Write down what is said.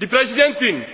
Die Präsidentin!